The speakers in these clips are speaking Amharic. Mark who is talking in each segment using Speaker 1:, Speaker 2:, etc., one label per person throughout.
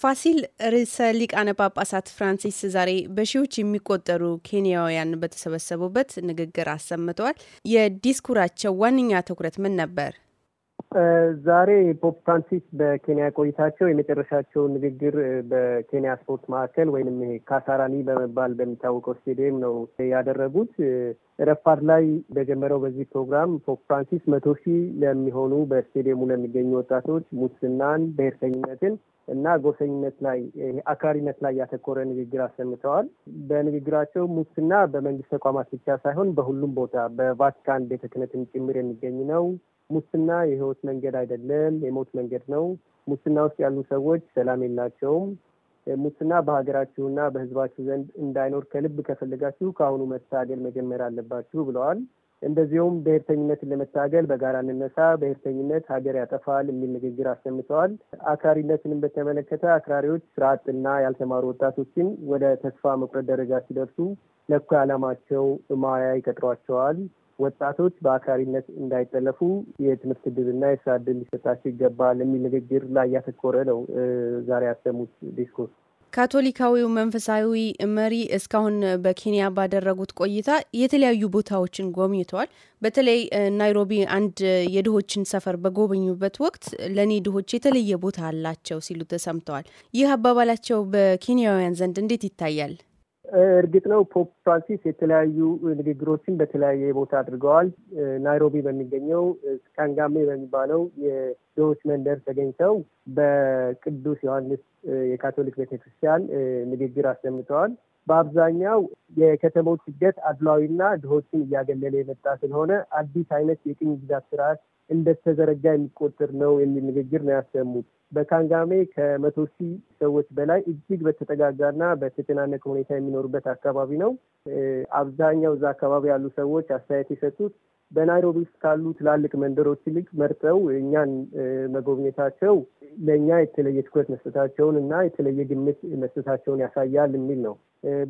Speaker 1: ፋሲል ርዕሰ ሊቃነ ጳጳሳት ፍራንሲስ ዛሬ በሺዎች የሚቆጠሩ ኬንያውያን በተሰበሰቡበት ንግግር አሰምተዋል። የዲስኩራቸው ዋነኛ ትኩረት ምን ነበር?
Speaker 2: ዛሬ ፖፕ ፍራንሲስ በኬንያ ቆይታቸው የመጨረሻቸው ንግግር በኬንያ ስፖርት ማዕከል ወይንም ይሄ ካሳራኒ በመባል በሚታወቀው ስቴዲየም ነው ያደረጉት። ረፋድ ላይ በጀመረው በዚህ ፕሮግራም ፖፕ ፍራንሲስ መቶ ሺህ ለሚሆኑ በስቴዲየሙ ለሚገኙ ወጣቶች ሙስናን፣ ብሔርተኝነትን እና ጎሰኝነት ላይ አክራሪነት ላይ ያተኮረ ንግግር አሰምተዋል። በንግግራቸው ሙስና በመንግስት ተቋማት ብቻ ሳይሆን በሁሉም ቦታ በቫቲካን ቤተ ክህነትም ጭምር የሚገኝ ነው። ሙስና የህይወት መንገድ አይደለም፣ የሞት መንገድ ነው። ሙስና ውስጥ ያሉ ሰዎች ሰላም የላቸውም። ሙስና በሀገራችሁና በህዝባችሁ ዘንድ እንዳይኖር ከልብ ከፈለጋችሁ ከአሁኑ መታገል መጀመር አለባችሁ ብለዋል። እንደዚሁም ብሔርተኝነትን ለመታገል በጋራ እንነሳ፣ ብሔርተኝነት ሀገር ያጠፋል የሚል ንግግር አሰምተዋል። አክራሪነትንም በተመለከተ አክራሪዎች ስርዓትና ያልተማሩ ወጣቶችን ወደ ተስፋ መቁረጥ ደረጃ ሲደርሱ ለኩ ዓላማቸው ማያ ይቀጥሯቸዋል። ወጣቶች በአክራሪነት እንዳይጠለፉ የትምህርት ዕድልና የስራ እድል ሊሰጣቸው ይገባል የሚል ንግግር ላይ ያተኮረ ነው ዛሬ ያሰሙት ዲስኮርስ።
Speaker 1: ካቶሊካዊው መንፈሳዊ መሪ እስካሁን በኬንያ ባደረጉት ቆይታ የተለያዩ ቦታዎችን ጎብኝተዋል። በተለይ ናይሮቢ አንድ የድሆችን ሰፈር በጎበኙበት ወቅት ለእኔ ድሆች የተለየ ቦታ አላቸው ሲሉ ተሰምተዋል። ይህ አባባላቸው በኬንያውያን ዘንድ እንዴት ይታያል?
Speaker 2: እርግጥ ነው ፖፕ ፍራንሲስ የተለያዩ ንግግሮችን በተለያየ ቦታ አድርገዋል። ናይሮቢ በሚገኘው ስካንጋሜ በሚባለው የድሆች መንደር ተገኝተው በቅዱስ ዮሐንስ የካቶሊክ ቤተክርስቲያን ንግግር አሰምተዋል። በአብዛኛው የከተሞች ስደት አድሏዊና ድሆችን እያገለለ የመጣ ስለሆነ አዲስ አይነት የቅኝ ግዛት ስርዓት እንደተዘረጋ የሚቆጠር ነው የሚል ንግግር ነው ያሰሙት። በካንጋሜ ከመቶ ሺህ ሰዎች በላይ እጅግ በተጠጋጋና በተጨናነቀ ሁኔታ የሚኖሩበት አካባቢ ነው። አብዛኛው እዛ አካባቢ ያሉ ሰዎች አስተያየት የሰጡት በናይሮቢ ውስጥ ካሉ ትላልቅ መንደሮች ይልቅ መርጠው እኛን መጎብኘታቸው ለእኛ የተለየ ትኩረት መስጠታቸውን እና የተለየ ግምት መስጠታቸውን ያሳያል የሚል ነው።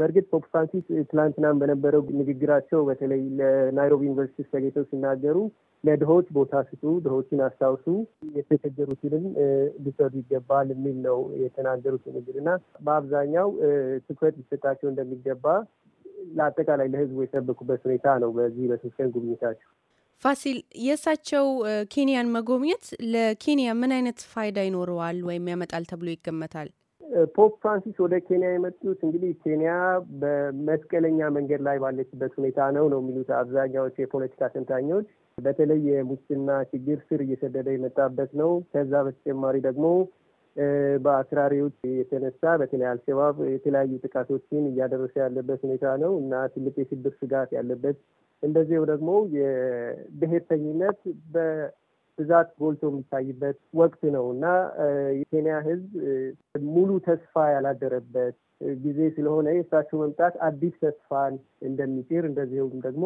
Speaker 2: በእርግጥ ፖፕ ፍራንሲስ ትላንትናም በነበረው ንግግራቸው በተለይ ለናይሮቢ ዩኒቨርሲቲ ተገኝተው ሲናገሩ ለድሆች ቦታ ስጡ፣ ድሆችን አስታውሱ፣ የተቸገሩትንም ሊሰሩ ይገባል የሚል ነው የተናገሩት ንግድ እና በአብዛኛው ትኩረት ሊሰጣቸው እንደሚገባ ለአጠቃላይ ለህዝቡ የሰበኩበት ሁኔታ ነው። በዚህ በሶስት ጉብኝታቸው
Speaker 1: ፋሲል፣ የእሳቸው ኬንያን መጎብኘት ለኬንያ ምን አይነት ፋይዳ ይኖረዋል ወይም ያመጣል ተብሎ ይገመታል?
Speaker 2: ፖፕ ፍራንሲስ ወደ ኬንያ የመጡት እንግዲህ ኬንያ በመስቀለኛ መንገድ ላይ ባለችበት ሁኔታ ነው ነው የሚሉት አብዛኛዎቹ የፖለቲካ ተንታኞች። በተለይ የሙስና ችግር ስር እየሰደደ የመጣበት ነው። ከዛ በተጨማሪ ደግሞ በአክራሪዎች የተነሳ በተለይ አልሸባብ የተለያዩ ጥቃቶችን እያደረሰ ያለበት ሁኔታ ነው እና ትልቅ የሽብር ስጋት ያለበት እንደዚሁ ደግሞ የብሔርተኝነት ብዛት ጎልቶ የሚታይበት ወቅት ነው እና የኬንያ ሕዝብ ሙሉ ተስፋ ያላደረበት ጊዜ ስለሆነ የእሳቸው መምጣት አዲስ ተስፋን እንደሚጭር እንደዚሁም ደግሞ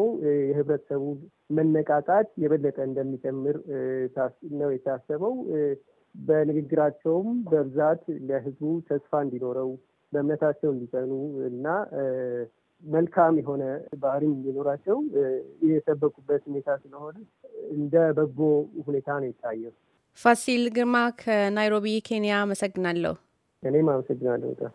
Speaker 2: የህብረተሰቡ መነቃቃት የበለጠ እንደሚጨምር ነው የታሰበው። በንግግራቸውም በብዛት ለህዝቡ ተስፋ እንዲኖረው በእምነታቸው እንዲጸኑ እና መልካም የሆነ ባህሪም እንዲኖራቸው የሰበኩበት ሁኔታ ስለሆነ እንደ በጎ ሁኔታ ነው ይታየው።
Speaker 1: ፋሲል ግርማ ከናይሮቢ ኬንያ፣ አመሰግናለሁ።
Speaker 2: እኔም አመሰግናለሁ